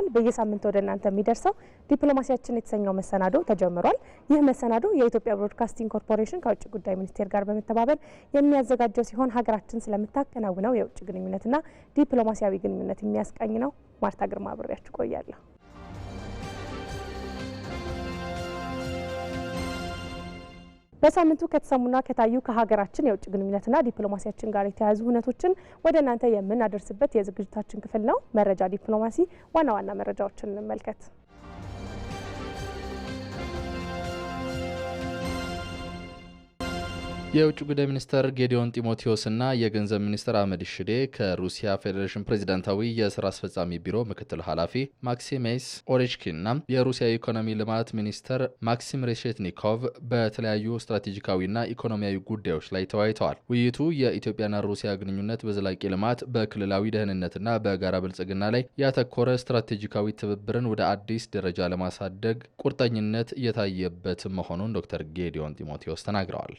ይቀጥላል። በየሳምንት ወደ እናንተ የሚደርሰው ዲፕሎማሲያችን የተሰኘው መሰናዶ ተጀምሯል። ይህ መሰናዶ የኢትዮጵያ ብሮድካስቲንግ ኮርፖሬሽን ከውጭ ጉዳይ ሚኒስቴር ጋር በመተባበር የሚያዘጋጀው ሲሆን ሀገራችን ስለምታከናውነው የውጭ ግንኙነትና ዲፕሎማሲያዊ ግንኙነት የሚያስቃኝ ነው። ማርታ ግርማ ብሬያችሁ ቆያለሁ። በሳምንቱ ከተሰሙና ከታዩ ከሀገራችን የውጭ ግንኙነትና ዲፕሎማሲያችን ጋር የተያያዙ ሁነቶችን ወደ እናንተ የምናደርስበት የዝግጅታችን ክፍል ነው። መረጃ ዲፕሎማሲ ዋና ዋና መረጃዎችን እንመልከት። የውጭ ጉዳይ ሚኒስተር ጌዲዮን ጢሞቴዎስና የገንዘብ ሚኒስትር አህመድ ሽዴ ከሩሲያ ፌዴሬሽን ፕሬዚዳንታዊ የስራ አስፈጻሚ ቢሮ ምክትል ኃላፊ ማክሲሜስ ኦሬችኪንና የሩሲያ የኢኮኖሚ ልማት ሚኒስተር ማክሲም ሬሼትኒኮቭ በተለያዩ ስትራቴጂካዊና ኢኮኖሚያዊ ጉዳዮች ላይ ተወያይተዋል። ውይይቱ የኢትዮጵያና ሩሲያ ግንኙነት በዘላቂ ልማት፣ በክልላዊ ደህንነትና በጋራ ብልጽግና ላይ ያተኮረ ስትራቴጂካዊ ትብብርን ወደ አዲስ ደረጃ ለማሳደግ ቁርጠኝነት እየታየበት መሆኑን ዶክተር ጌዲዮን ጢሞቴዎስ ተናግረዋል።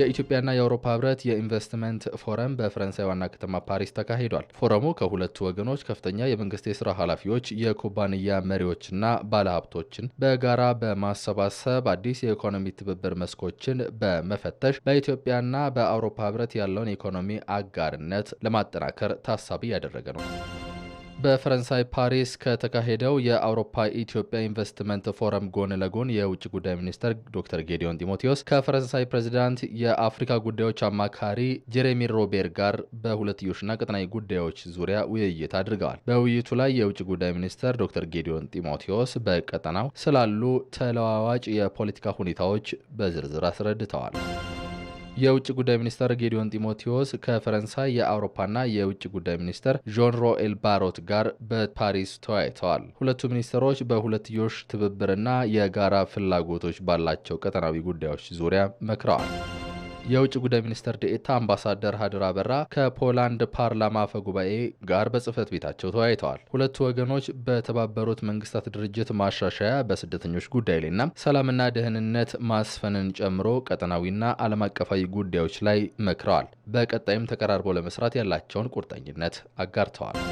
የኢትዮጵያና የአውሮፓ ህብረት የኢንቨስትመንት ፎረም በፈረንሳይ ዋና ከተማ ፓሪስ ተካሂዷል። ፎረሙ ከሁለቱ ወገኖች ከፍተኛ የመንግስት የስራ ኃላፊዎች፣ የኩባንያ መሪዎችና ባለሀብቶችን በጋራ በማሰባሰብ አዲስ የኢኮኖሚ ትብብር መስኮችን በመፈተሽ በኢትዮጵያና በአውሮፓ ህብረት ያለውን የኢኮኖሚ አጋርነት ለማጠናከር ታሳቢ ያደረገ ነው። በፈረንሳይ ፓሪስ ከተካሄደው የአውሮፓ ኢትዮጵያ ኢንቨስትመንት ፎረም ጎን ለጎን የውጭ ጉዳይ ሚኒስትር ዶክተር ጌዲዮን ጢሞቴዎስ ከፈረንሳይ ፕሬዚዳንት የአፍሪካ ጉዳዮች አማካሪ ጄሬሚ ሮቤር ጋር በሁለትዮሽና ቀጠናዊ ጉዳዮች ዙሪያ ውይይት አድርገዋል። በውይይቱ ላይ የውጭ ጉዳይ ሚኒስትር ዶክተር ጌዲዮን ጢሞቴዎስ በቀጠናው ስላሉ ተለዋዋጭ የፖለቲካ ሁኔታዎች በዝርዝር አስረድተዋል። የውጭ ጉዳይ ሚኒስተር ጌዲዮን ጢሞቴዎስ ከፈረንሳይ የአውሮፓና የውጭ ጉዳይ ሚኒስተር ዦን ሮኤል ባሮት ጋር በፓሪስ ተወያይተዋል። ሁለቱ ሚኒስተሮች በሁለትዮሽ ትብብርና የጋራ ፍላጎቶች ባላቸው ቀጠናዊ ጉዳዮች ዙሪያ መክረዋል። የውጭ ጉዳይ ሚኒስትር ዴኤታ አምባሳደር ሀድር አበራ ከፖላንድ ፓርላማ አፈ ጉባኤ ጋር በጽህፈት ቤታቸው ተወያይተዋል። ሁለቱ ወገኖች በተባበሩት መንግስታት ድርጅት ማሻሻያ በስደተኞች ጉዳይ ላይና ሰላምና ደህንነት ማስፈንን ጨምሮ ቀጠናዊና ዓለም አቀፋዊ ጉዳዮች ላይ መክረዋል። በቀጣይም ተቀራርቦ ለመስራት ያላቸውን ቁርጠኝነት አጋርተዋል።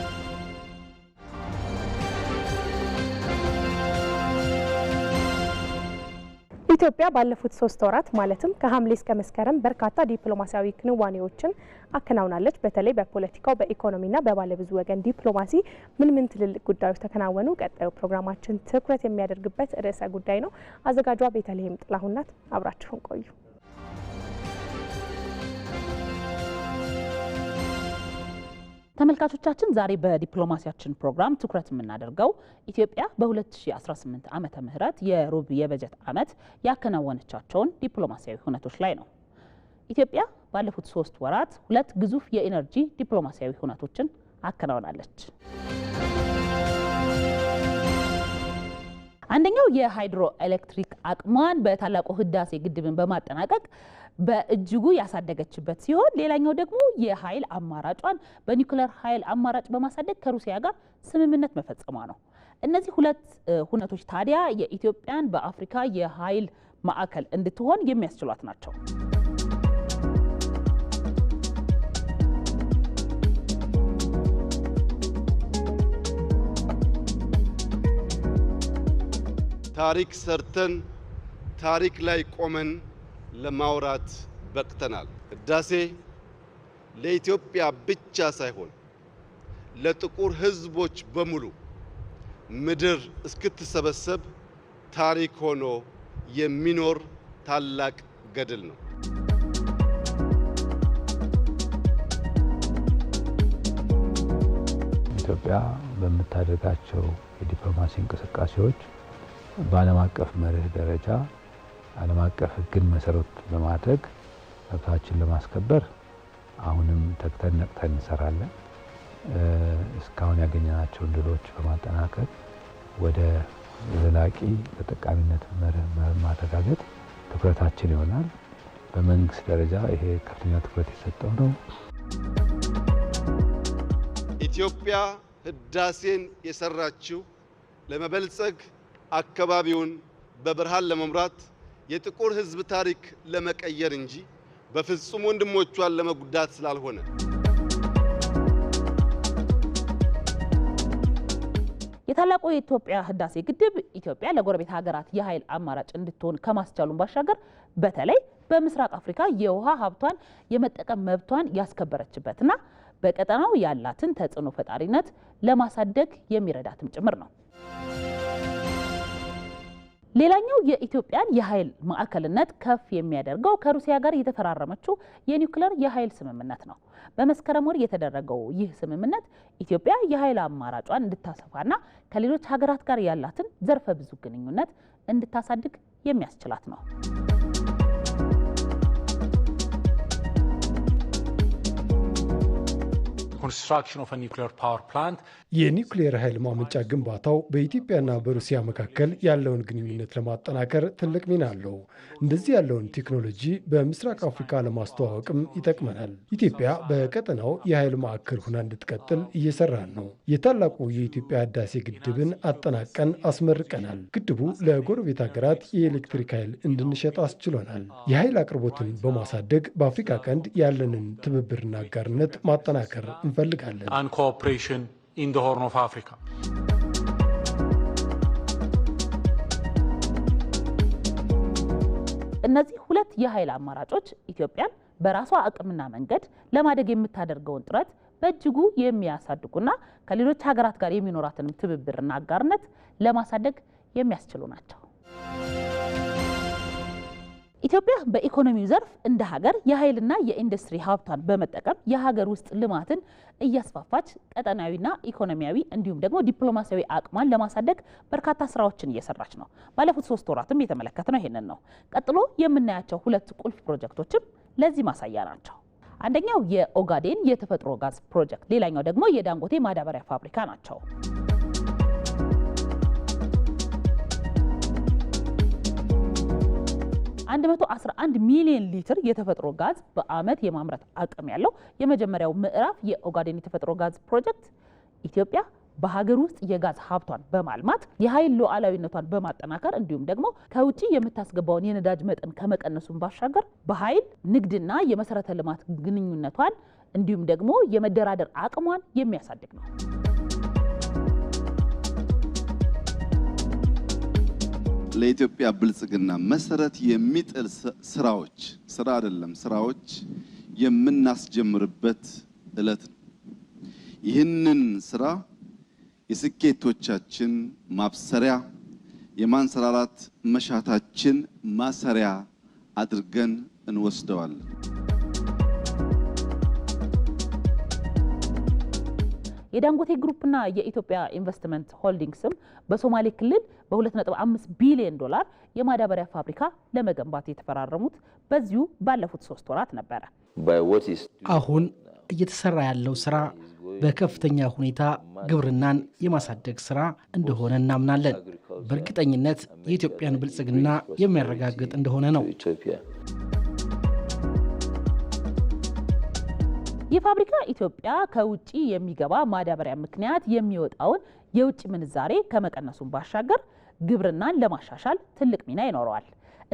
ኢትዮጵያ ባለፉት ሶስት ወራት ማለትም ከሐምሌ እስከ መስከረም በርካታ ዲፕሎማሲያዊ ክንዋኔዎችን አከናውናለች። በተለይ በፖለቲካው በኢኮኖሚና በባለብዙ ወገን ዲፕሎማሲ ምን ምን ትልልቅ ጉዳዮች ተከናወኑ? ቀጣዩ ፕሮግራማችን ትኩረት የሚያደርግበት ርዕሰ ጉዳይ ነው። አዘጋጇ ቤተልሔም ጥላሁናት። አብራችሁን ቆዩ። ተመልካቾቻችን ዛሬ በዲፕሎማሲያችን ፕሮግራም ትኩረት የምናደርገው ኢትዮጵያ በ2018 ዓመተ ምህረት የሩብ የበጀት ዓመት ያከናወነቻቸውን ዲፕሎማሲያዊ ሁነቶች ላይ ነው። ኢትዮጵያ ባለፉት ሶስት ወራት ሁለት ግዙፍ የኢነርጂ ዲፕሎማሲያዊ ሁነቶችን አከናውናለች። አንደኛው የሃይድሮ ኤሌክትሪክ አቅሟን በታላቁ ህዳሴ ግድብን በማጠናቀቅ በእጅጉ ያሳደገችበት ሲሆን ሌላኛው ደግሞ የኃይል አማራጯን በኒውክለር ኃይል አማራጭ በማሳደግ ከሩሲያ ጋር ስምምነት መፈጸሟ ነው። እነዚህ ሁለት ሁነቶች ታዲያ የኢትዮጵያን በአፍሪካ የኃይል ማዕከል እንድትሆን የሚያስችሏት ናቸው። ታሪክ ሰርተን ታሪክ ላይ ቆመን ለማውራት በቅተናል። ህዳሴ ለኢትዮጵያ ብቻ ሳይሆን ለጥቁር ህዝቦች በሙሉ ምድር እስክትሰበሰብ ታሪክ ሆኖ የሚኖር ታላቅ ገድል ነው። ኢትዮጵያ በምታደርጋቸው የዲፕሎማሲ እንቅስቃሴዎች በዓለም አቀፍ መርህ ደረጃ ዓለም አቀፍ ሕግን መሰረት በማድረግ መብታችን ለማስከበር አሁንም ተግተን ነቅተን እንሰራለን። እስካሁን ያገኘናቸውን ድሎች በማጠናከር ወደ ዘላቂ ተጠቃሚነት መርህ ማረጋገጥ ትኩረታችን ይሆናል። በመንግስት ደረጃ ይሄ ከፍተኛ ትኩረት የሰጠው ነው። ኢትዮጵያ ህዳሴን የሰራችው ለመበልጸግ አካባቢውን በብርሃን ለመምራት የጥቁር ህዝብ ታሪክ ለመቀየር እንጂ በፍጹም ወንድሞቿን ለመጉዳት ስላልሆነ የታላቁ የኢትዮጵያ ህዳሴ ግድብ ኢትዮጵያ ለጎረቤት ሀገራት የኃይል አማራጭ እንድትሆን ከማስቻሉን ባሻገር በተለይ በምስራቅ አፍሪካ የውሃ ሀብቷን የመጠቀም መብቷን ያስከበረችበትና በቀጠናው ያላትን ተጽዕኖ ፈጣሪነት ለማሳደግ የሚረዳትም ጭምር ነው። ሌላኛው የኢትዮጵያን የኃይል ማዕከልነት ከፍ የሚያደርገው ከሩሲያ ጋር የተፈራረመችው የኒውክሌር የኃይል ስምምነት ነው። በመስከረም ወር የተደረገው ይህ ስምምነት ኢትዮጵያ የኃይል አማራጯን እንድታሰፋና ከሌሎች ሀገራት ጋር ያላትን ዘርፈ ብዙ ግንኙነት እንድታሳድግ የሚያስችላት ነው። የኒውክሌር ኃይል ማመንጫ ግንባታው በኢትዮጵያና በሩሲያ መካከል ያለውን ግንኙነት ለማጠናከር ትልቅ ሚና አለው። እንደዚህ ያለውን ቴክኖሎጂ በምስራቅ አፍሪካ ለማስተዋወቅም ይጠቅመናል። ኢትዮጵያ በቀጠናው የኃይል ማዕከል ሁና እንድትቀጥል እየሰራን ነው። የታላቁ የኢትዮጵያ ህዳሴ ግድብን አጠናቀን አስመርቀናል። ግድቡ ለጎረቤት ሀገራት የኤሌክትሪክ ኃይል እንድንሸጥ አስችሎናል። የኃይል አቅርቦትን በማሳደግ በአፍሪካ ቀንድ ያለንን ትብብርና አጋርነት ማጠናከር እንፈልጋለን። ኮኦፕሬሽን ኢን ዘ ሆርን ኦፍ አፍሪካ እነዚህ ሁለት የኃይል አማራጮች ኢትዮጵያን በራሷ አቅምና መንገድ ለማደግ የምታደርገውን ጥረት በእጅጉ የሚያሳድጉና ከሌሎች ሀገራት ጋር የሚኖራትንም ትብብርና አጋርነት ለማሳደግ የሚያስችሉ ናቸው። ኢትዮጵያ በኢኮኖሚው ዘርፍ እንደ ሀገር የኃይልና የኢንዱስትሪ ሀብቷን በመጠቀም የሀገር ውስጥ ልማትን እያስፋፋች ቀጠናዊና ኢኮኖሚያዊ እንዲሁም ደግሞ ዲፕሎማሲያዊ አቅሟን ለማሳደግ በርካታ ስራዎችን እየሰራች ነው። ባለፉት ሶስት ወራትም የተመለከትነው ይህንን ነው። ቀጥሎ የምናያቸው ሁለት ቁልፍ ፕሮጀክቶችም ለዚህ ማሳያ ናቸው። አንደኛው የኦጋዴን የተፈጥሮ ጋዝ ፕሮጀክት፣ ሌላኛው ደግሞ የዳንጎቴ ማዳበሪያ ፋብሪካ ናቸው። 111 ሚሊዮን ሊትር የተፈጥሮ ጋዝ በዓመት የማምረት አቅም ያለው የመጀመሪያው ምዕራፍ የኦጋዴን የተፈጥሮ ጋዝ ፕሮጀክት ኢትዮጵያ በሀገር ውስጥ የጋዝ ሀብቷን በማልማት የኃይል ሉዓላዊነቷን በማጠናከር እንዲሁም ደግሞ ከውጭ የምታስገባውን የነዳጅ መጠን ከመቀነሱን ባሻገር በኃይል ንግድና የመሰረተ ልማት ግንኙነቷን እንዲሁም ደግሞ የመደራደር አቅሟን የሚያሳድግ ነው። ለኢትዮጵያ ብልጽግና መሰረት የሚጥል ስራዎች ስራ አይደለም ስራዎች የምናስጀምርበት እለት ነው። ይህንን ስራ የስኬቶቻችን ማብሰሪያ የማንሰራራት መሻታችን ማሰሪያ አድርገን እንወስደዋለን። የዳንጎቴ ግሩፕና የኢትዮጵያ ኢንቨስትመንት ሆልዲንግስም በሶማሌ ክልል በ2.5 ቢሊዮን ዶላር የማዳበሪያ ፋብሪካ ለመገንባት የተፈራረሙት በዚሁ ባለፉት ሶስት ወራት ነበረ። አሁን እየተሰራ ያለው ስራ በከፍተኛ ሁኔታ ግብርናን የማሳደግ ስራ እንደሆነ እናምናለን። በእርግጠኝነት የኢትዮጵያን ብልጽግና የሚያረጋግጥ እንደሆነ ነው። ይህ ፋብሪካ ኢትዮጵያ ከውጭ የሚገባ ማዳበሪያ ምክንያት የሚወጣውን የውጭ ምንዛሬ ከመቀነሱን ባሻገር ግብርናን ለማሻሻል ትልቅ ሚና ይኖረዋል።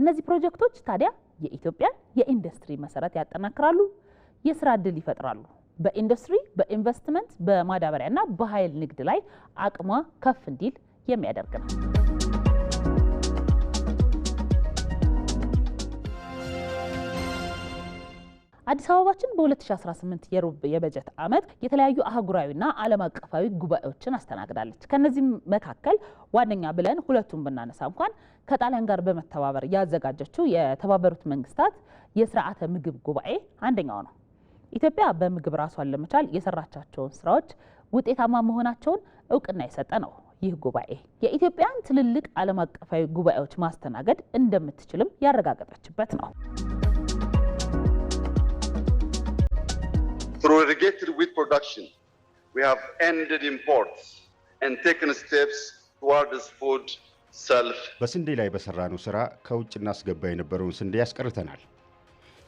እነዚህ ፕሮጀክቶች ታዲያ የኢትዮጵያን የኢንዱስትሪ መሰረት ያጠናክራሉ፣ የስራ እድል ይፈጥራሉ፣ በኢንዱስትሪ በኢንቨስትመንት፣ በማዳበሪያና በኃይል ንግድ ላይ አቅሟ ከፍ እንዲል የሚያደርግ ነው። አዲስ አበባችን በ2018 የሩብ የበጀት ዓመት የተለያዩ አህጉራዊና ዓለም አቀፋዊ ጉባኤዎችን አስተናግዳለች። ከነዚህም መካከል ዋነኛ ብለን ሁለቱን ብናነሳ እንኳን ከጣሊያን ጋር በመተባበር ያዘጋጀችው የተባበሩት መንግስታት የስርዓተ ምግብ ጉባኤ አንደኛው ነው። ኢትዮጵያ በምግብ ራሷን ለመቻል የሰራቻቸውን ስራዎች ውጤታማ መሆናቸውን እውቅና የሰጠ ነው። ይህ ጉባኤ የኢትዮጵያን ትልልቅ ዓለም አቀፋዊ ጉባኤዎች ማስተናገድ እንደምትችልም ያረጋገጠችበት ነው። prorogated wheat production, we have ended imports and taken steps towards food self በስንዴ ላይ በሰራነው ስራ ከውጭ እናስገባ የነበረውን ስንዴ ያስቀርተናል።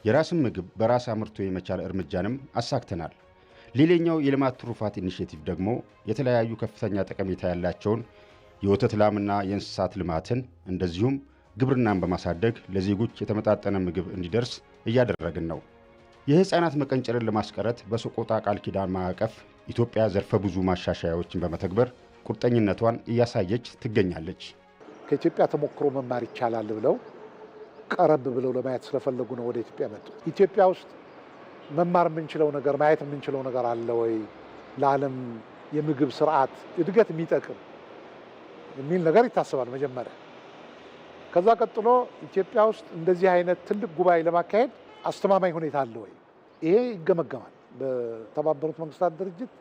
የራስን ምግብ በራስ አምርቶ የመቻል እርምጃንም አሳክተናል። ሌላኛው የልማት ትሩፋት ኢኒሽቲቭ ደግሞ የተለያዩ ከፍተኛ ጠቀሜታ ያላቸውን የወተት ላምና የእንስሳት ልማትን እንደዚሁም ግብርናን በማሳደግ ለዜጎች የተመጣጠነ ምግብ እንዲደርስ እያደረግን ነው። የህፃናት መቀንጨርን ለማስቀረት በሰቆጣ ቃል ኪዳን ማዕቀፍ ኢትዮጵያ ዘርፈ ብዙ ማሻሻያዎችን በመተግበር ቁርጠኝነቷን እያሳየች ትገኛለች። ከኢትዮጵያ ተሞክሮ መማር ይቻላል ብለው ቀረብ ብለው ለማየት ስለፈለጉ ነው ወደ ኢትዮጵያ መጡ። ኢትዮጵያ ውስጥ መማር የምንችለው ነገር ማየት የምንችለው ነገር አለ ወይ ለዓለም የምግብ ስርዓት እድገት የሚጠቅም የሚል ነገር ይታሰባል መጀመሪያ። ከዛ ቀጥሎ ኢትዮጵያ ውስጥ እንደዚህ አይነት ትልቅ ጉባኤ ለማካሄድ አስተማማኝ ሁኔታ አለ ወይ? ይሄ ይገመገማል። በተባበሩት መንግስታት ድርጅት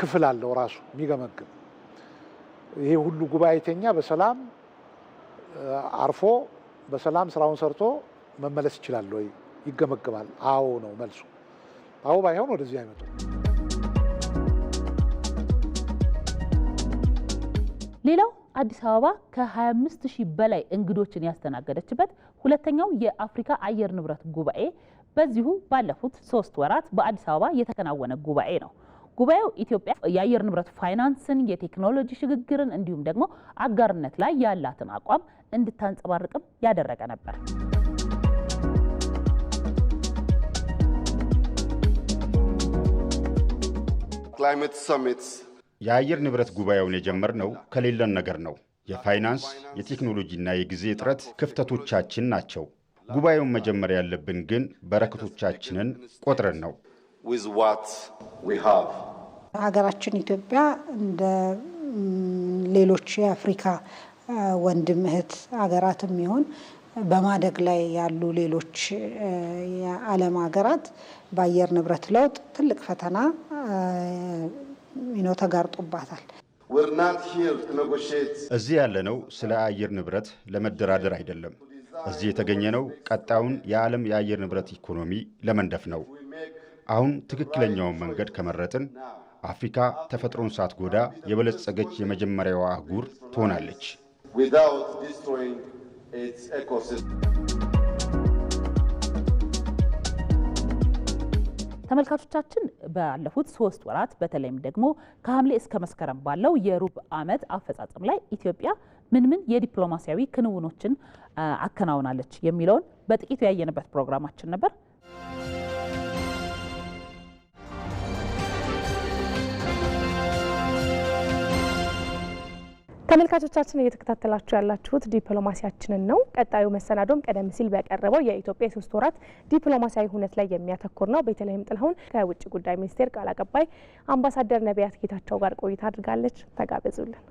ክፍል አለው ራሱ የሚገመግም። ይሄ ሁሉ ጉባኤተኛ በሰላም አርፎ በሰላም ስራውን ሰርቶ መመለስ ይችላል ወይ? ይገመግማል። አዎ ነው መልሱ። አዎ ባይሆን ወደዚህ አይመጡም። ሌላው አዲስ አበባ ከ25 ሺህ በላይ እንግዶችን ያስተናገደችበት ሁለተኛው የአፍሪካ አየር ንብረት ጉባኤ በዚሁ ባለፉት ሶስት ወራት በአዲስ አበባ የተከናወነ ጉባኤ ነው። ጉባኤው ኢትዮጵያ የአየር ንብረት ፋይናንስን፣ የቴክኖሎጂ ሽግግርን እንዲሁም ደግሞ አጋርነት ላይ ያላትን አቋም እንድታንጸባርቅም ያደረገ ነበር። Climate የአየር ንብረት ጉባኤውን የጀመርነው ከሌለን ነገር ነው። የፋይናንስ የቴክኖሎጂና የጊዜ እጥረት ክፍተቶቻችን ናቸው። ጉባኤውን መጀመር ያለብን ግን በረከቶቻችንን ቆጥረን ነው። ሀገራችን ኢትዮጵያ እንደ ሌሎች የአፍሪካ ወንድም እህት ሀገራትም ይሁን በማደግ ላይ ያሉ ሌሎች የዓለም ሀገራት በአየር ንብረት ለውጥ ትልቅ ፈተና ነው ተጋርጦባታል። እዚህ ያለነው ስለ አየር ንብረት ለመደራደር አይደለም። እዚህ የተገኘነው ቀጣዩን የዓለም የአየር ንብረት ኢኮኖሚ ለመንደፍ ነው። አሁን ትክክለኛውን መንገድ ከመረጥን አፍሪካ ተፈጥሮን ሳትጎዳ የበለጸገች የመጀመሪያዋ አህጉር ትሆናለች። ተመልካቾቻችን ባለፉት ሶስት ወራት በተለይም ደግሞ ከሐምሌ እስከ መስከረም ባለው የሩብ ዓመት አፈጻጸም ላይ ኢትዮጵያ ምን ምን የዲፕሎማሲያዊ ክንውኖችን አከናውናለች የሚለውን በጥቂቱ ያየንበት ፕሮግራማችን ነበር። ተመልካቾቻችን እየተከታተላችሁ ያላችሁት ዲፕሎማሲያችንን ነው። ቀጣዩ መሰናዶም ቀደም ሲል በቀረበው የኢትዮጵያ የሶስት ወራት ዲፕሎማሲያዊ ሁነት ላይ የሚያተኩር ነው። ቤተልሔም ጥላሁን ከውጭ ጉዳይ ሚኒስቴር ቃል አቀባይ አምባሳደር ነቢያት ጌታቸው ጋር ቆይታ አድርጋለች። ተጋበዙልን።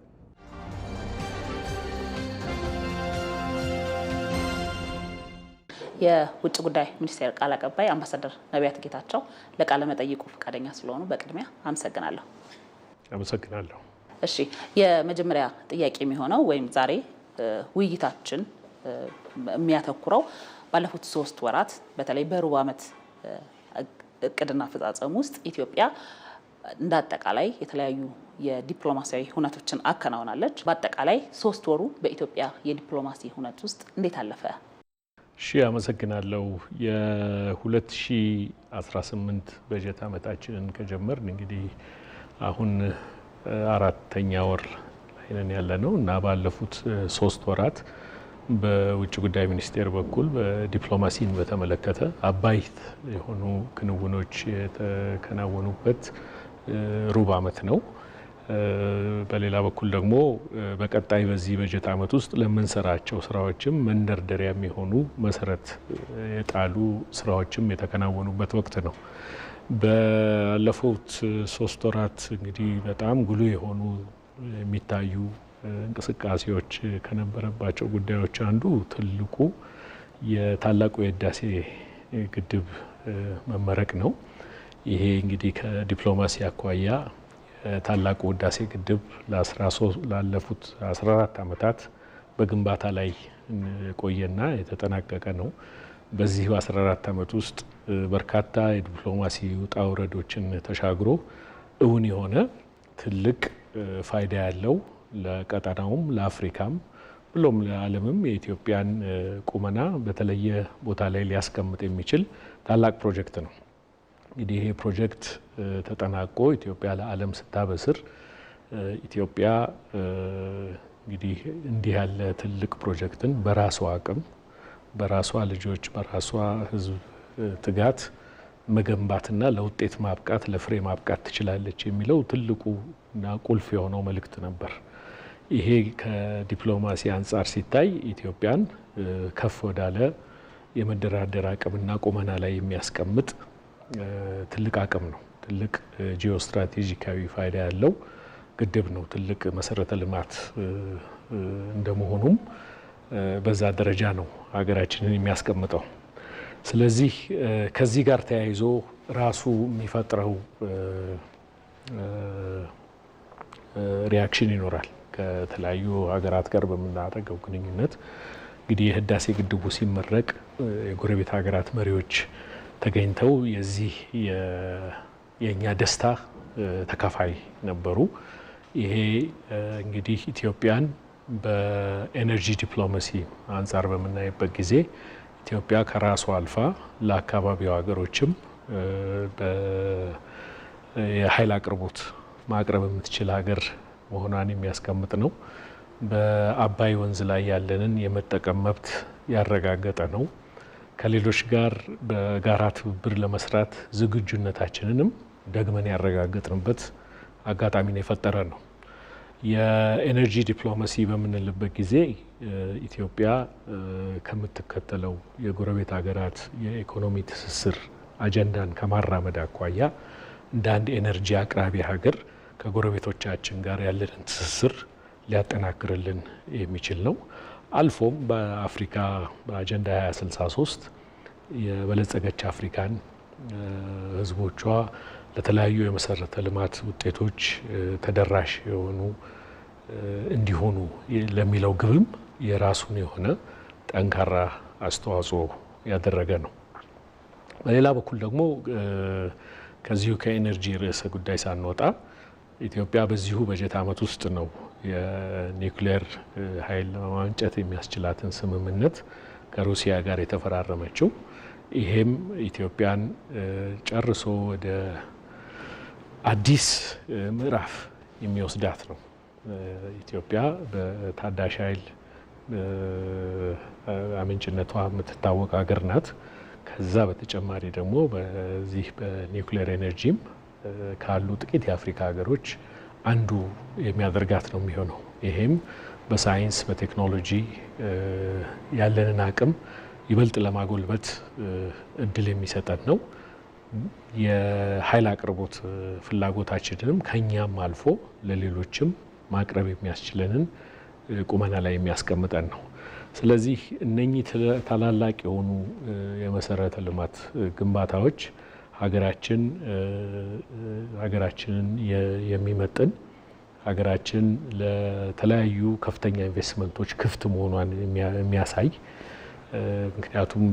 የውጭ ጉዳይ ሚኒስቴር ቃል አቀባይ አምባሳደር ነቢያት ጌታቸው ለቃለ መጠይቁ ፈቃደኛ ስለሆኑ በቅድሚያ አመሰግናለሁ። አመሰግናለሁ። እሺ የመጀመሪያ ጥያቄ የሚሆነው ወይም ዛሬ ውይይታችን የሚያተኩረው ባለፉት ሶስት ወራት በተለይ በሩብ ዓመት እቅድና አፈጻጸም ውስጥ ኢትዮጵያ እንደ አጠቃላይ የተለያዩ የዲፕሎማሲያዊ ሁነቶችን አከናውናለች። በአጠቃላይ ሶስት ወሩ በኢትዮጵያ የዲፕሎማሲ ሁነት ውስጥ እንዴት አለፈ? ሺ አመሰግናለሁ። የ2018 በጀት ዓመታችንን ከጀመርን እንግዲህ አሁን አራተኛ ወር ላይ ነን ያለ ነው እና ባለፉት ሶስት ወራት በውጭ ጉዳይ ሚኒስቴር በኩል በዲፕሎማሲን በተመለከተ አባይት የሆኑ ክንውኖች የተከናወኑበት ሩብ ዓመት ነው። በሌላ በኩል ደግሞ በቀጣይ በዚህ በጀት ዓመት ውስጥ ለምንሰራቸው ስራዎችም መንደርደሪያ የሚሆኑ መሰረት የጣሉ ስራዎችም የተከናወኑበት ወቅት ነው። ባለፉት ሶስት ወራት እንግዲህ በጣም ጉልህ የሆኑ የሚታዩ እንቅስቃሴዎች ከነበረባቸው ጉዳዮች አንዱ ትልቁ የታላቁ የህዳሴ ግድብ መመረቅ ነው። ይሄ እንግዲህ ከዲፕሎማሲ አኳያ ታላቁ ህዳሴ ግድብ ላለፉት 14 ዓመታት በግንባታ ላይ ቆየና የተጠናቀቀ ነው። በዚህ በ14 ዓመት ውስጥ በርካታ የዲፕሎማሲ ውጣ ውረዶችን ተሻግሮ እውን የሆነ ትልቅ ፋይዳ ያለው ለቀጠናውም ለአፍሪካም ብሎም ለዓለምም የኢትዮጵያን ቁመና በተለየ ቦታ ላይ ሊያስቀምጥ የሚችል ታላቅ ፕሮጀክት ነው። እንግዲህ ይሄ ፕሮጀክት ተጠናቆ ኢትዮጵያ ለዓለም ስታበስር ኢትዮጵያ እንግዲህ እንዲህ ያለ ትልቅ ፕሮጀክትን በራሷ አቅም በራሷ ልጆች በራሷ ሕዝብ ትጋት መገንባትና ለውጤት ማብቃት ለፍሬ ማብቃት ትችላለች የሚለው ትልቁና ቁልፍ የሆነው መልእክት ነበር። ይሄ ከዲፕሎማሲ አንጻር ሲታይ ኢትዮጵያን ከፍ ወዳለ የመደራደር አቅምና ቁመና ላይ የሚያስቀምጥ ትልቅ አቅም ነው። ትልቅ ጂኦ ስትራቴጂካዊ ፋይዳ ያለው ግድብ ነው። ትልቅ መሰረተ ልማት እንደመሆኑም በዛ ደረጃ ነው ሀገራችንን የሚያስቀምጠው። ስለዚህ ከዚህ ጋር ተያይዞ ራሱ የሚፈጥረው ሪያክሽን ይኖራል። ከተለያዩ ሀገራት ጋር በምናደርገው ግንኙነት እንግዲህ የህዳሴ ግድቡ ሲመረቅ የጎረቤት ሀገራት መሪዎች ተገኝተው የዚህ የእኛ ደስታ ተካፋይ ነበሩ። ይሄ እንግዲህ ኢትዮጵያን በኤነርጂ ዲፕሎማሲ አንጻር በምናይበት ጊዜ ኢትዮጵያ ከራሷ አልፋ ለአካባቢው ሀገሮችም የኃይል አቅርቦት ማቅረብ የምትችል ሀገር መሆኗን የሚያስቀምጥ ነው። በአባይ ወንዝ ላይ ያለንን የመጠቀም መብት ያረጋገጠ ነው። ከሌሎች ጋር በጋራ ትብብር ለመስራት ዝግጁነታችንንም ደግመን ያረጋገጥንበት አጋጣሚን የፈጠረ ነው። የኤነርጂ ዲፕሎማሲ በምንልበት ጊዜ ኢትዮጵያ ከምትከተለው የጎረቤት ሀገራት የኢኮኖሚ ትስስር አጀንዳን ከማራመድ አኳያ እንደ አንድ ኤነርጂ አቅራቢ ሀገር ከጎረቤቶቻችን ጋር ያለንን ትስስር ሊያጠናክርልን የሚችል ነው። አልፎም በአፍሪካ በአጀንዳ 2063 የበለጸገች አፍሪካን ህዝቦቿ ለተለያዩ የመሰረተ ልማት ውጤቶች ተደራሽ የሆኑ እንዲሆኑ ለሚለው ግብም የራሱን የሆነ ጠንካራ አስተዋጽኦ ያደረገ ነው። በሌላ በኩል ደግሞ ከዚሁ ከኤነርጂ ርዕሰ ጉዳይ ሳንወጣ ኢትዮጵያ በዚሁ በጀት ዓመት ውስጥ ነው የኒውክሌር ኃይል ለማመንጨት የሚያስችላትን ስምምነት ከሩሲያ ጋር የተፈራረመችው። ይሄም ኢትዮጵያን ጨርሶ ወደ አዲስ ምዕራፍ የሚወስዳት ነው። ኢትዮጵያ በታዳሽ ኃይል አመንጭነቷ የምትታወቅ ሀገር ናት። ከዛ በተጨማሪ ደግሞ በዚህ በኒውክሌር ኤነርጂም ካሉ ጥቂት የአፍሪካ ሀገሮች አንዱ የሚያደርጋት ነው የሚሆነው። ይሄም በሳይንስ በቴክኖሎጂ ያለንን አቅም ይበልጥ ለማጎልበት እድል የሚሰጠን ነው። የኃይል አቅርቦት ፍላጎታችንንም ከኛም አልፎ ለሌሎችም ማቅረብ የሚያስችለንን ቁመና ላይ የሚያስቀምጠን ነው። ስለዚህ እነኚህ ታላላቅ የሆኑ የመሰረተ ልማት ግንባታዎች ሀገራችን ሀገራችንን የሚመጥን ሀገራችን ለተለያዩ ከፍተኛ ኢንቨስትመንቶች ክፍት መሆኗን የሚያሳይ ምክንያቱም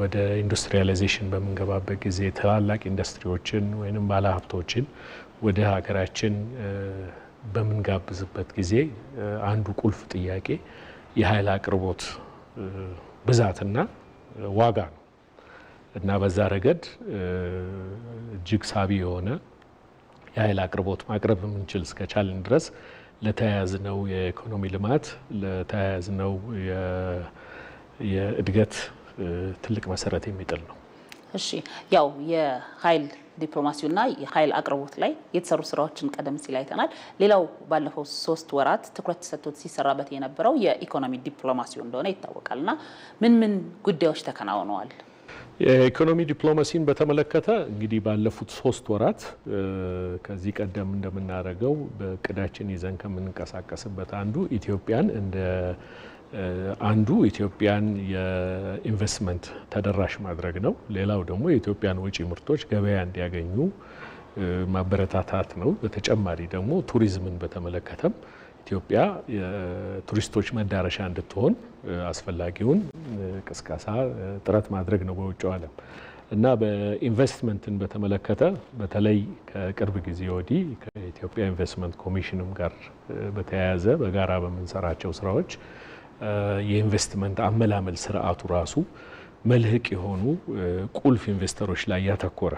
ወደ ኢንዱስትሪያላይዜሽን በምንገባበት ጊዜ ትላላቅ ኢንዱስትሪዎችን ወይም ባለሀብቶችን ወደ ሀገራችን በምንጋብዝበት ጊዜ አንዱ ቁልፍ ጥያቄ የኃይል አቅርቦት ብዛትና ዋጋ ነው እና በዛ ረገድ እጅግ ሳቢ የሆነ የኃይል አቅርቦት ማቅረብ የምንችል እስከቻልን ድረስ ለተያያዝነው የኢኮኖሚ ልማት ለተያያዝነው የእድገት ትልቅ መሰረት የሚጥል ነው። እሺ ያው የኃይል ዲፕሎማሲውና የኃይል አቅርቦት ላይ የተሰሩ ስራዎችን ቀደም ሲል አይተናል። ሌላው ባለፈው ሶስት ወራት ትኩረት ተሰጥቶት ሲሰራበት የነበረው የኢኮኖሚ ዲፕሎማሲው እንደሆነ ይታወቃል። እና ምን ምን ጉዳዮች ተከናውነዋል? የኢኮኖሚ ዲፕሎማሲን በተመለከተ እንግዲህ ባለፉት ሶስት ወራት ከዚህ ቀደም እንደምናደርገው በእቅዳችን ይዘን ከምንንቀሳቀስበት አንዱ ኢትዮጵያን እንደ አንዱ ኢትዮጵያን የኢንቨስትመንት ተደራሽ ማድረግ ነው። ሌላው ደግሞ የኢትዮጵያን ወጪ ምርቶች ገበያ እንዲያገኙ ማበረታታት ነው። በተጨማሪ ደግሞ ቱሪዝምን በተመለከተም ኢትዮጵያ የቱሪስቶች መዳረሻ እንድትሆን አስፈላጊውን ቅስቀሳ ጥረት ማድረግ ነው በውጭው ዓለም እና በኢንቨስትመንትን በተመለከተ በተለይ ከቅርብ ጊዜ ወዲህ ከኢትዮጵያ ኢንቨስትመንት ኮሚሽንም ጋር በተያያዘ በጋራ በምንሰራቸው ስራዎች የኢንቨስትመንት አመላመል ስርዓቱ ራሱ መልህቅ የሆኑ ቁልፍ ኢንቨስተሮች ላይ ያተኮረ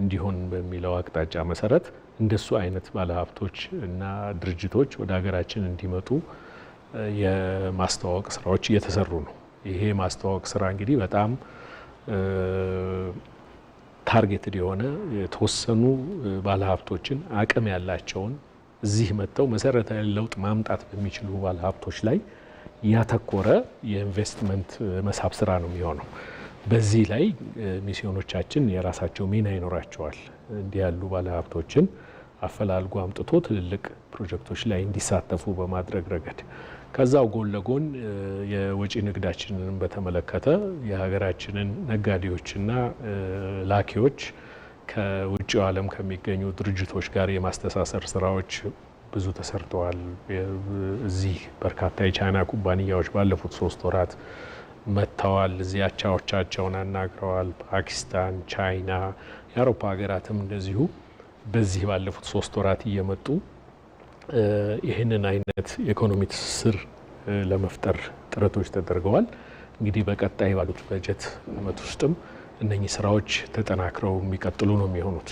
እንዲሆን በሚለው አቅጣጫ መሰረት እንደሱ አይነት ባለሀብቶች እና ድርጅቶች ወደ ሀገራችን እንዲመጡ የማስተዋወቅ ስራዎች እየተሰሩ ነው። ይሄ ማስተዋወቅ ስራ እንግዲህ በጣም ታርጌትድ የሆነ የተወሰኑ ባለሀብቶችን አቅም ያላቸውን እዚህ መጥተው መሰረታዊ ለውጥ ማምጣት በሚችሉ ባለሀብቶች ላይ ያተኮረ የኢንቨስትመንት መሳብ ስራ ነው የሚሆነው። በዚህ ላይ ሚስዮኖቻችን የራሳቸው ሚና ይኖራቸዋል። እንዲህ ያሉ ባለሀብቶችን አፈላልጎ አምጥቶ ትልልቅ ፕሮጀክቶች ላይ እንዲሳተፉ በማድረግ ረገድ ከዛው ጎን ለጎን የወጪ ንግዳችንን በተመለከተ የሀገራችንን ነጋዴዎችና ላኪዎች ከውጭው ዓለም ከሚገኙ ድርጅቶች ጋር የማስተሳሰር ስራዎች ብዙ ተሰርተዋል። እዚህ በርካታ የቻይና ኩባንያዎች ባለፉት ሶስት ወራት መጥተዋል። እዚህ አቻዎቻቸውን አናግረዋል። ፓኪስታን፣ ቻይና፣ የአውሮፓ ሀገራትም እንደዚሁ በዚህ ባለፉት ሶስት ወራት እየመጡ ይህንን አይነት የኢኮኖሚ ትስስር ለመፍጠር ጥረቶች ተደርገዋል። እንግዲህ በቀጣይ ባሉት በጀት አመት ውስጥም እነኚህ ስራዎች ተጠናክረው የሚቀጥሉ ነው የሚሆኑት።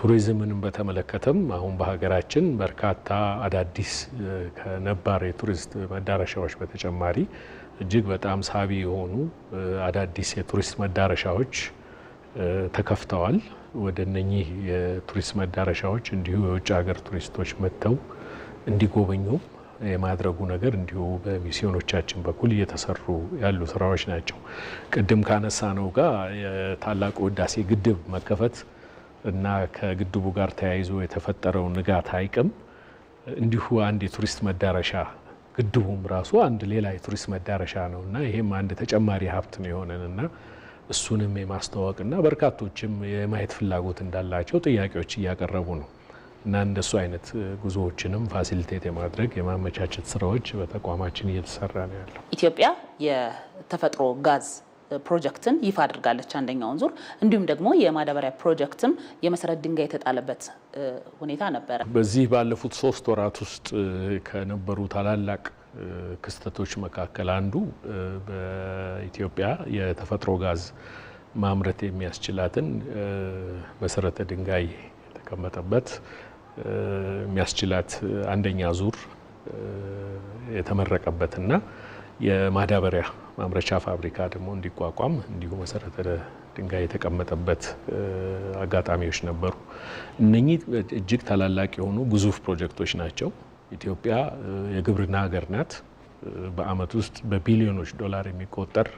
ቱሪዝምንም በተመለከተም አሁን በሀገራችን በርካታ አዳዲስ ከነባር የቱሪስት መዳረሻዎች በተጨማሪ እጅግ በጣም ሳቢ የሆኑ አዳዲስ የቱሪስት መዳረሻዎች ተከፍተዋል። ወደ እነኚህ የቱሪስት መዳረሻዎች እንዲሁ የውጭ ሀገር ቱሪስቶች መጥተው እንዲጎበኙም የማድረጉ ነገር እንዲሁ በሚስዮኖቻችን በኩል እየተሰሩ ያሉ ስራዎች ናቸው። ቅድም ካነሳ ነው ጋር የታላቁ ህዳሴ ግድብ መከፈት እና ከግድቡ ጋር ተያይዞ የተፈጠረው ንጋት ሐይቅም እንዲሁ አንድ የቱሪስት መዳረሻ ግድቡም ራሱ አንድ ሌላ የቱሪስት መዳረሻ ነው እና ይሄም አንድ ተጨማሪ ሀብት ነው የሆነን እና እሱንም የማስተዋወቅና በርካቶችም የማየት ፍላጎት እንዳላቸው ጥያቄዎች እያቀረቡ ነው እና እንደሱ አይነት ጉዞዎችንም ፋሲሊቴት የማድረግ የማመቻቸት ስራዎች በተቋማችን እየተሰራ ነው ያለው። ኢትዮጵያ የተፈጥሮ ጋዝ ፕሮጀክትን ይፋ አድርጋለች አንደኛውን ዙር። እንዲሁም ደግሞ የማዳበሪያ ፕሮጀክትም የመሰረት ድንጋይ የተጣለበት ሁኔታ ነበረ። በዚህ ባለፉት ሶስት ወራት ውስጥ ከነበሩ ታላላቅ ክስተቶች መካከል አንዱ በኢትዮጵያ የተፈጥሮ ጋዝ ማምረት የሚያስችላትን መሰረተ ድንጋይ የተቀመጠበት የሚያስችላት አንደኛ ዙር የተመረቀበትና የማዳበሪያ ማምረቻ ፋብሪካ ደግሞ እንዲቋቋም እንዲሁ መሰረተ ድንጋይ የተቀመጠበት አጋጣሚዎች ነበሩ። እነኚህ እጅግ ታላላቅ የሆኑ ግዙፍ ፕሮጀክቶች ናቸው። ኢትዮጵያ የግብርና ሀገር ናት። በአመት ውስጥ በቢሊዮኖች ዶላር የሚቆጠር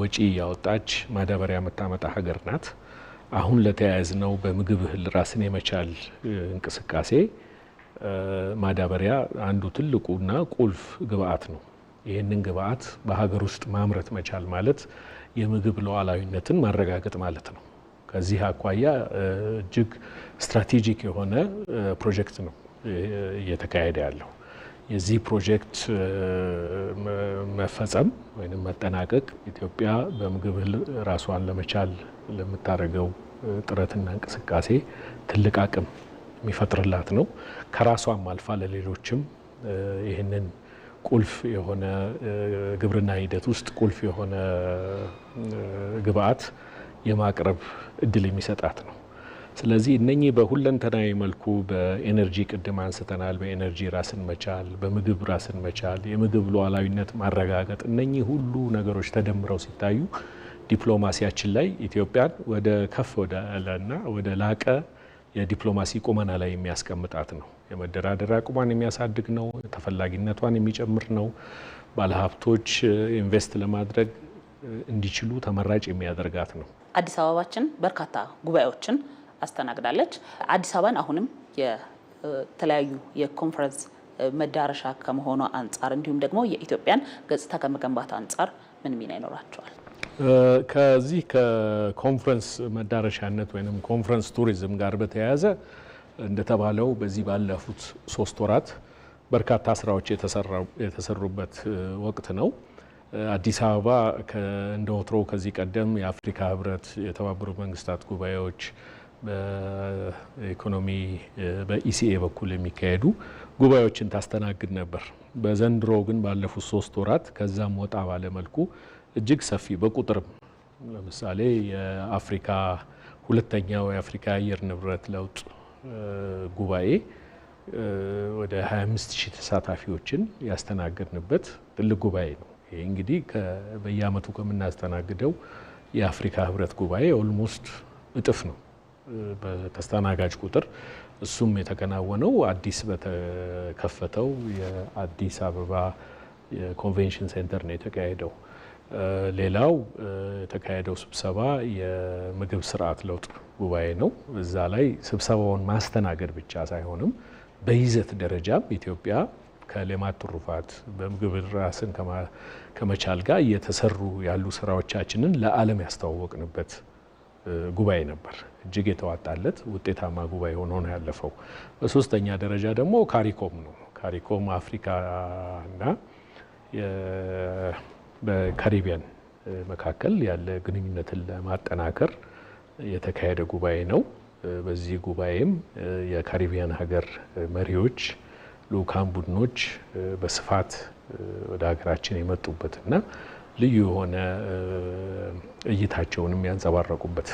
ወጪ ያወጣች ማዳበሪያ የምታመጣ ሀገር ናት። አሁን ለተያያዝ ነው በምግብ እህል ራስን የመቻል እንቅስቃሴ ማዳበሪያ አንዱ ትልቁና ቁልፍ ግብአት ነው። ይህንን ግብአት በሀገር ውስጥ ማምረት መቻል ማለት የምግብ ሉዓላዊነትን ማረጋገጥ ማለት ነው። ከዚህ አኳያ እጅግ ስትራቴጂክ የሆነ ፕሮጀክት ነው እየተካሄደ ያለው። የዚህ ፕሮጀክት መፈጸም ወይም መጠናቀቅ ኢትዮጵያ በምግብ እህል ራሷን ለመቻል ለምታደርገው ጥረትና እንቅስቃሴ ትልቅ አቅም የሚፈጥርላት ነው። ከራሷም አልፋ ለሌሎችም ይህንን ቁልፍ የሆነ ግብርና ሂደት ውስጥ ቁልፍ የሆነ ግብአት የማቅረብ እድል የሚሰጣት ነው። ስለዚህ እነኚህ በሁለንተናዊ መልኩ በኤነርጂ ቅድም አንስተናል። በኤነርጂ ራስን መቻል፣ በምግብ ራስን መቻል፣ የምግብ ሉዓላዊነት ማረጋገጥ፣ እነኚህ ሁሉ ነገሮች ተደምረው ሲታዩ ዲፕሎማሲያችን ላይ ኢትዮጵያን ወደ ከፍ ወዳለና ወደ ላቀ የዲፕሎማሲ ቁመና ላይ የሚያስቀምጣት ነው። የመደራደር አቅሟን የሚያሳድግ ነው፣ ተፈላጊነቷን የሚጨምር ነው፣ ባለሀብቶች ኢንቨስት ለማድረግ እንዲችሉ ተመራጭ የሚያደርጋት ነው። አዲስ አበባችን በርካታ ጉባኤዎችን አስተናግዳለች። አዲስ አበባን አሁንም የተለያዩ የኮንፈረንስ መዳረሻ ከመሆኗ አንጻር እንዲሁም ደግሞ የኢትዮጵያን ገጽታ ከመገንባት አንጻር ምን ሚና ይኖራቸዋል? ከዚህ ከኮንፈረንስ መዳረሻነት ወይም ኮንፈረንስ ቱሪዝም ጋር በተያያዘ እንደተባለው በዚህ ባለፉት ሶስት ወራት በርካታ ስራዎች የተሰሩበት ወቅት ነው። አዲስ አበባ እንደ ወትሮ ከዚህ ቀደም የአፍሪካ ህብረት፣ የተባበሩት መንግስታት ጉባኤዎች በኢኮኖሚ በኢሲኤ በኩል የሚካሄዱ ጉባኤዎችን ታስተናግድ ነበር። በዘንድሮ ግን ባለፉት ሶስት ወራት ከዛም ወጣ ባለ መልኩ እጅግ ሰፊ በቁጥርም ለምሳሌ የአፍሪካ ሁለተኛው የአፍሪካ አየር ንብረት ለውጥ ጉባኤ ወደ 25 ሺህ ተሳታፊዎችን ያስተናገድንበት ትልቅ ጉባኤ ነው። ይህ እንግዲህ በየአመቱ ከምናስተናግደው የአፍሪካ ህብረት ጉባኤ ኦልሞስት እጥፍ ነው በተስተናጋጅ ቁጥር። እሱም የተከናወነው አዲስ በተከፈተው የአዲስ አበባ የኮንቬንሽን ሴንተር ነው የተካሄደው። ሌላው የተካሄደው ስብሰባ የምግብ ስርዓት ለውጥ ጉባኤ ነው። እዛ ላይ ስብሰባውን ማስተናገድ ብቻ ሳይሆንም በይዘት ደረጃም ኢትዮጵያ ከሌማት ትሩፋት በምግብ ራስን ከመቻል ጋር እየተሰሩ ያሉ ስራዎቻችንን ለዓለም ያስተዋወቅንበት ጉባኤ ነበር። እጅግ የተዋጣለት ውጤታማ ጉባኤ ሆኖ ነው ያለፈው። በሶስተኛ ደረጃ ደግሞ ካሪኮም ነው። ካሪኮም አፍሪካና በካሪቢያን መካከል ያለ ግንኙነትን ለማጠናከር የተካሄደ ጉባኤ ነው። በዚህ ጉባኤም የካሪቢያን ሀገር መሪዎች፣ ልኡካን ቡድኖች በስፋት ወደ ሀገራችን የመጡበትና ልዩ የሆነ እይታቸውን ያንጸባረቁበት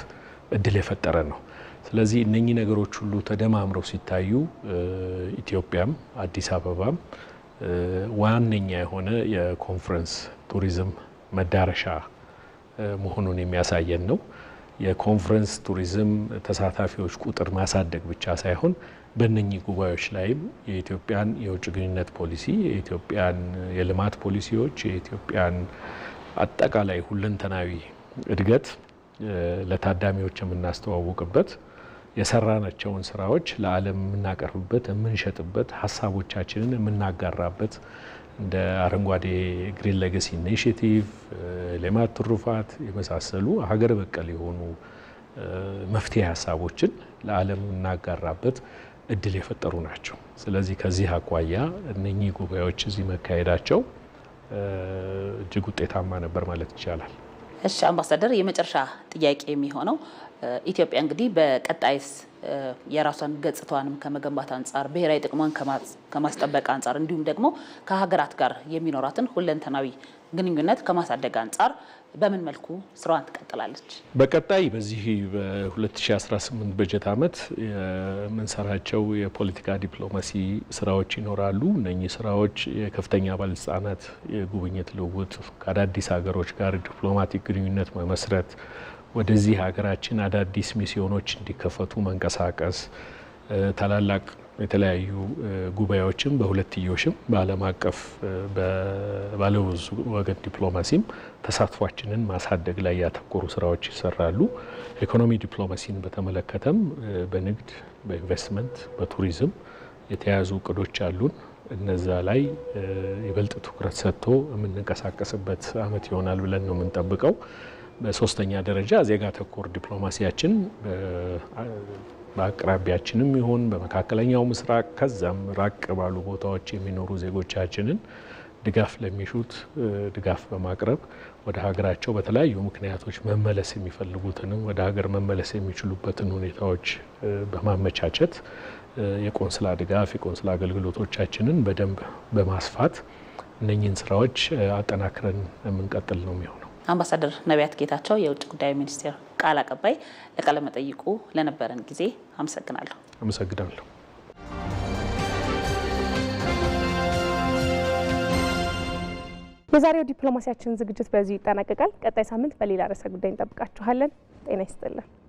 እድል የፈጠረ ነው። ስለዚህ እነኚህ ነገሮች ሁሉ ተደማምረው ሲታዩ ኢትዮጵያም አዲስ አበባም ዋነኛ የሆነ የኮንፈረንስ ቱሪዝም መዳረሻ መሆኑን የሚያሳየን ነው። የኮንፈረንስ ቱሪዝም ተሳታፊዎች ቁጥር ማሳደግ ብቻ ሳይሆን በእነኚህ ጉባኤዎች ላይም የኢትዮጵያን የውጭ ግንኙነት ፖሊሲ፣ የኢትዮጵያን የልማት ፖሊሲዎች፣ የኢትዮጵያን አጠቃላይ ሁለንተናዊ እድገት ለታዳሚዎች የምናስተዋውቅበት የሰራናቸውን ስራዎች ለዓለም የምናቀርብበት፣ የምንሸጥበት፣ ሀሳቦቻችንን የምናጋራበት እንደ አረንጓዴ ግሪን ሌጋሲ ኢኒሽቲቭ፣ ሌማት ትሩፋት የመሳሰሉ ሀገር በቀል የሆኑ መፍትሄ ሀሳቦችን ለዓለም እናጋራበት እድል የፈጠሩ ናቸው። ስለዚህ ከዚህ አኳያ እነኚህ ጉባኤዎች እዚህ መካሄዳቸው እጅግ ውጤታማ ነበር ማለት ይቻላል። እሺ አምባሳደር፣ የመጨረሻ ጥያቄ የሚሆነው ኢትዮጵያ እንግዲህ በቀጣይስ የራሷን ገጽታዋንም ከመገንባት አንጻር ብሔራዊ ጥቅሟን ከማስጠበቅ አንጻር እንዲሁም ደግሞ ከሀገራት ጋር የሚኖራትን ሁለንተናዊ ግንኙነት ከማሳደግ አንጻር በምን መልኩ ስራዋን ትቀጥላለች? በቀጣይ በዚህ በ2018 በጀት ዓመት የምንሰራቸው የፖለቲካ ዲፕሎማሲ ስራዎች ይኖራሉ። እነኚህ ስራዎች የከፍተኛ ባለስልጣናት የጉብኝት ልውውጥ፣ ከአዳዲስ ሀገሮች ጋር ዲፕሎማቲክ ግንኙነት መመስረት ወደዚህ ሀገራችን አዳዲስ ሚስዮኖች እንዲከፈቱ መንቀሳቀስ ታላላቅ የተለያዩ ጉባኤዎችም በሁለትዮሽም በዓለም አቀፍ ባለብዙ ወገን ዲፕሎማሲም ተሳትፏችንን ማሳደግ ላይ ያተኮሩ ስራዎች ይሰራሉ። ኢኮኖሚ ዲፕሎማሲን በተመለከተም በንግድ፣ በኢንቨስትመንት፣ በቱሪዝም የተያዙ እቅዶች አሉን። እነዛ ላይ ይበልጥ ትኩረት ሰጥቶ የምንንቀሳቀስበት አመት ይሆናል ብለን ነው የምንጠብቀው። በሶስተኛ ደረጃ ዜጋ ተኮር ዲፕሎማሲያችን በአቅራቢያችንም ይሁን በመካከለኛው ምስራቅ ከዛም ራቅ ባሉ ቦታዎች የሚኖሩ ዜጎቻችንን ድጋፍ ለሚሹት ድጋፍ በማቅረብ ወደ ሀገራቸው በተለያዩ ምክንያቶች መመለስ የሚፈልጉትንም ወደ ሀገር መመለስ የሚችሉበትን ሁኔታዎች በማመቻቸት የቆንስላ ድጋፍ የቆንስላ አገልግሎቶቻችንን በደንብ በማስፋት እነኚህን ስራዎች አጠናክረን የምንቀጥል ነው የሚሆነው። አምባሳደር ነቢያት ጌታቸው የውጭ ጉዳይ ሚኒስቴር ቃል አቀባይ ለቃለ መጠይቁ ለነበረን ጊዜ አመሰግናለሁ። አመሰግናለሁ። የዛሬው ዲፕሎማሲያችን ዝግጅት በዚሁ ይጠናቀቃል። ቀጣይ ሳምንት በሌላ ርዕሰ ጉዳይ እንጠብቃችኋለን። ጤና ይስጥልን።